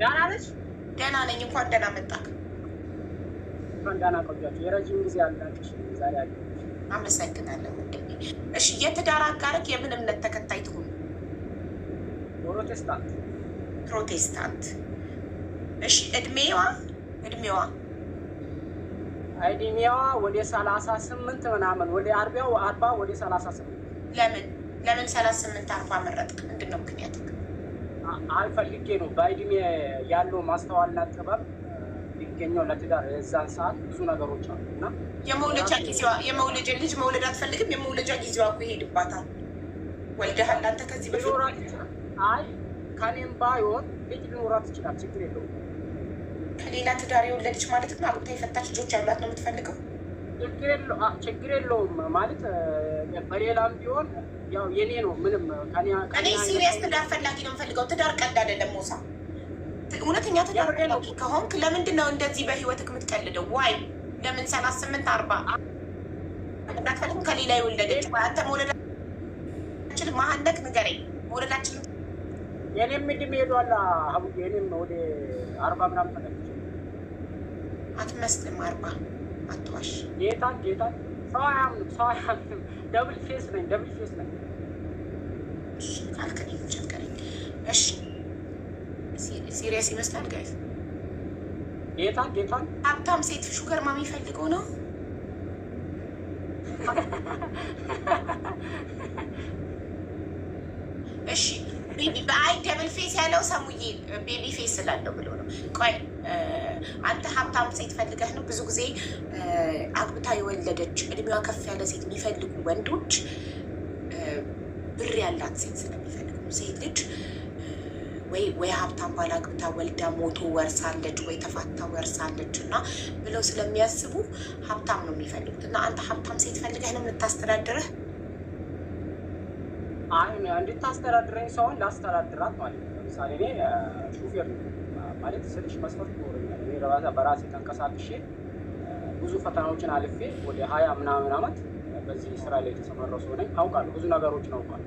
ደህና ነኝ። እንኳን ደህና መጣህ። ደህና ቆያችሁ። የረዥም ጊዜ አልናቅሽ ዛሬ አለ። አመሰግናለሁ። እሺ፣ የትዳር አጋርህ የምን እምነት ተከታይ ትሆን? ፕሮቴስታንት። ፕሮቴስታንት። እሺ፣ እድሜዋ እድሜዋ እድሜዋ ወደ ሰላሳ ስምንት ምናምን ወደ አርቢያው አርባ ወደ ሰላሳ ስምንት ለምን ለምን ሰላሳ ስምንት አርባ መረጥክ? ምንድን ነው ምክንያት? አልፈልጌ ነው። በእድሜ ያለው ማስተዋልና ጥበብ ሊገኘው ለትዳር የዛን ሰዓት ብዙ ነገሮች አሉ እና የመውለጃ ጊዜዋ የመውለጃ ልጅ መውለድ አትፈልግም። የመውለጃ ጊዜዋ እኮ ይሄድባታል። ወልደህ አንተ ከዚህ ሊኖራት ይችላል። አይ ከኔም ባይሆን ልጅ ሊኖራት ይችላል። ችግር የለውም። ከሌላ ትዳር የወለደች ማለት ግን አብቅታ የፈታች ልጆች ያሏት ነው የምትፈልገው ችግር የለውም ማለት በሌላም ቢሆን ያው የኔ ነው። ምንም እኔ ሲሪየስ ትዳር ፈላጊ ነው የምፈልገው። ትዳር ቀልድ አይደለም ሞሳ። እውነተኛ ትዳር ፈላጊ ከሆንክ ለምንድን ነው እንደዚህ በህይወት የምትቀልደው? ዋይ ለምን ሰላሳ ስምንት አርባ እንዳትፈልግም ከሌላ የወለደች አንተ መውለዳችን መሀንደቅ ንገረኝ። መውለዳችን የኔም ምድም ሄዷላ ሀቡ የኔም ወደ አርባ ምናምን ፈለች አትመስልም አርባ አትዋሽ። ጌታ ጌታ ሰው አያምንም፣ ሰው አያምንም። ደብል ፌስ ነኝ፣ ደብል ፌስ ነኝ። እሺ ካልከኝ ጨቀኝ። እሺ ሲሪየስ ይመስላል ጋይስ። ጌታ ጌታ ሀብታም ሴት ሹገር ማሚ ፈልገው ነው እሺ። በአይ ደብል ፌስ ያለው ሰሙዬ ቤቢ ፌስ ስላለው ብሎ ነው። ቆይ አንተ ሀብታም ሴት ፈልገህ ነው። ብዙ ጊዜ አግብታ የወለደች እድሜዋ ከፍ ያለ ሴት የሚፈልጉ ወንዶች ብር ያላት ሴት ስለሚፈልጉ ሴት ልጅ ወይ ወይ ሀብታም ባል አግብታ ወልዳ ሞቶ ወርሳለች ወይ ተፋታ ወርሳለች እና ብለው ስለሚያስቡ ሀብታም ነው የሚፈልጉት። እና አንተ ሀብታም ሴት ፈልገህ ነው የምታስተዳድረህ? አይ እንድታስተዳድረኝ ሰውን ላስተዳድራት ማለት ነው። ለምሳሌ እኔ ሹፌር ነው ማለት ስልሽ መስፈርት ይኖረኛል። እኔ በራሴ ተንቀሳቅሼ ብዙ ፈተናዎችን አልፌ ወደ ሀያ ምናምን ዓመት በዚህ ስራ ላይ የተሰማራ ሰው ነኝ። አውቃለሁ፣ ብዙ ነገሮችን አውቃለሁ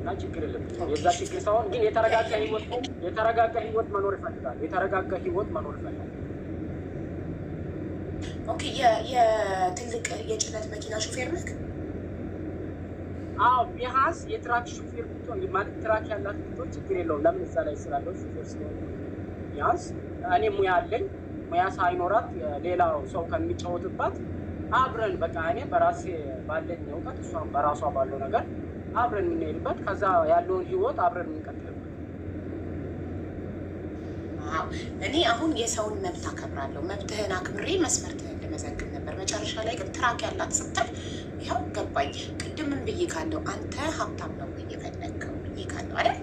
እና ችግር የለም። የዛ ችግር ሳይሆን ግን የተረጋጋ ህይወት የተረጋጋ ህይወት መኖር ይፈልጋል። የተረጋጋ ህይወት መኖር ይፈልጋል። ኦኬ፣ የትልቅ የጭነት መኪና ሹፌር ነህ? አዎ ቢያንስ የትራክ ሹፌር ብትሆን ማለት ትራክ ያላት ብትሆን ችግር የለውም። ለምን እዛ ላይ ስላለው ሹፌር ስለሆነ ቢያንስ እኔ ሙያ አለኝ። ሙያ ሳይኖራት ሌላው ሰው ከሚጫወትባት አብረን በቃ እኔ በራሴ ባለኝ እውቀት እሷም በራሷ ባለው ነገር አብረን የምንሄድበት ከዛ ያለውን ህይወት አብረን የምንቀጥልበት። እኔ አሁን የሰውን መብት አከብራለሁ። መብትህን አክብሬ መስመርትህን ልመዘግብ ነበር። መጨረሻ ላይ ግን ትራክ ያላት ስትል ይኸው ገባኝ። ቅድምን ብዬ ካለው አንተ ሀብታም ነው እየፈለግከው ብዬ ካለው አይደል?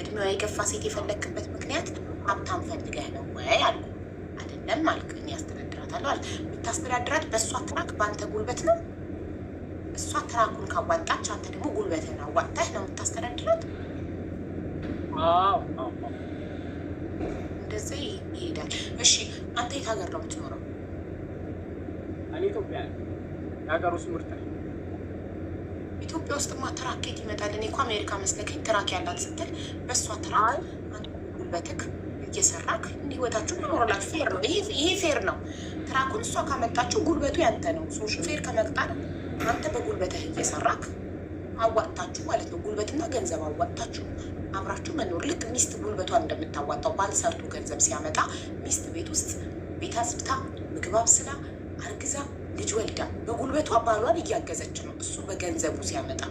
እድሜዋ የገፋ ሴት የፈለግክበት ምክንያት ሀብታም ፈልገህ ነው ወይ አልኩ። አይደለም አልክ። እኔ አስተዳድራታለሁ አለ። የምታስተዳድራት በእሷ ትራክ በአንተ ጉልበት ነው። እሷ ትራኩን ካዋጣች፣ አንተ ደግሞ ጉልበትህን አዋጣህ ነው የምታስተዳድራት። እንደዚህ ይሄዳል። እሺ አንተ የት ሀገር ነው የምትኖረው? እኔ ኢትዮጵያ የሀገር ውስጥ ምርት ነው ኢትዮጵያ ውስጥማ ትራኬት ይመጣል። እኔ እኮ አሜሪካ መስለከኝ ትራክ ያላት ስትል በእሷ ትራክ ጉልበትክ እየሰራክ እንዲወታችሁ መኖረላችሁ ፌር ነው። ይሄ ፌር ነው። ትራኩን እሷ ካመጣችሁ ጉልበቱ ያንተ ነው። ሶ ፌር ከመቅጣል አንተ በጉልበትህ እየሰራክ አዋጥታችሁ ማለት ነው። ጉልበትና ገንዘብ አዋጥታችሁ አብራችሁ መኖር ልክ ሚስት ጉልበቷን እንደምታዋጣው ባል ሰርቶ ገንዘብ ሲያመጣ ሚስት ቤት ውስጥ ቤት አጽድታ ምግብ አብስላ አርግዛ ልጅ ወልዳ በጉልበቷ ባሏን እያገዘች ነው። እሱ በገንዘቡ ሲያመጣ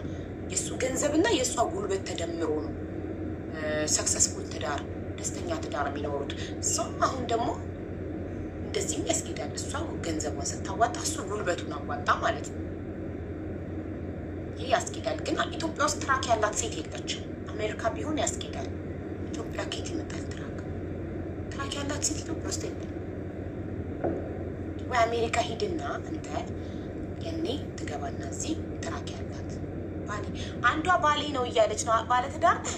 የእሱ ገንዘብና የእሷ ጉልበት ተደምሮ ነው ሰክሰስፉል ትዳር፣ ደስተኛ ትዳር የሚኖሩት። እሷም አሁን ደግሞ እንደዚህም ያስጌዳል። እሷ ገንዘቧን ስታዋጣ እሱ ጉልበቱን አዋጣ ማለት ነው። ይህ ያስጌዳል። ግን ኢትዮጵያ ውስጥ ትራክ ያላት ሴት የለችም። አሜሪካ ቢሆን ያስጌዳል። ኢትዮጵያ ኬት ይመጣል ትራክ ትራክ ያላት ሴት ኢትዮጵያ ውስጥ የለም። ወይ አሜሪካ ሂድና እንተ የኔ ትገባና እዚህ ትራክ ያላት ባሌ አንዷ ባሌ ነው እያለች ነው ባለትዳር ነህ?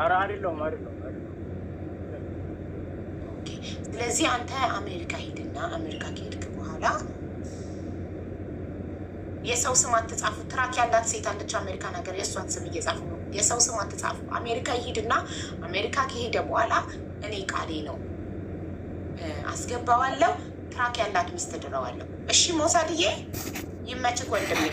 ኧረ አይደለሁም አይደለሁም። ስለዚህ አንተ አሜሪካ ሂድና አሜሪካ ከሄድክ በኋላ የሰው ስም አትጻፉ። ትራክ ያላት ሴት አለች አሜሪካን ሀገር፣ የእሷን ስም እየጻፉ ነው። የሰው ስም አትጻፉ። አሜሪካ ይሂድና አሜሪካ ከሄደ በኋላ እኔ ቃሌ ነው አስገባዋለሁ። ትራክ ያላት ሚስት ድረዋለሁ። እሺ ሞሳድዬ ይመችክ ወንድሜ።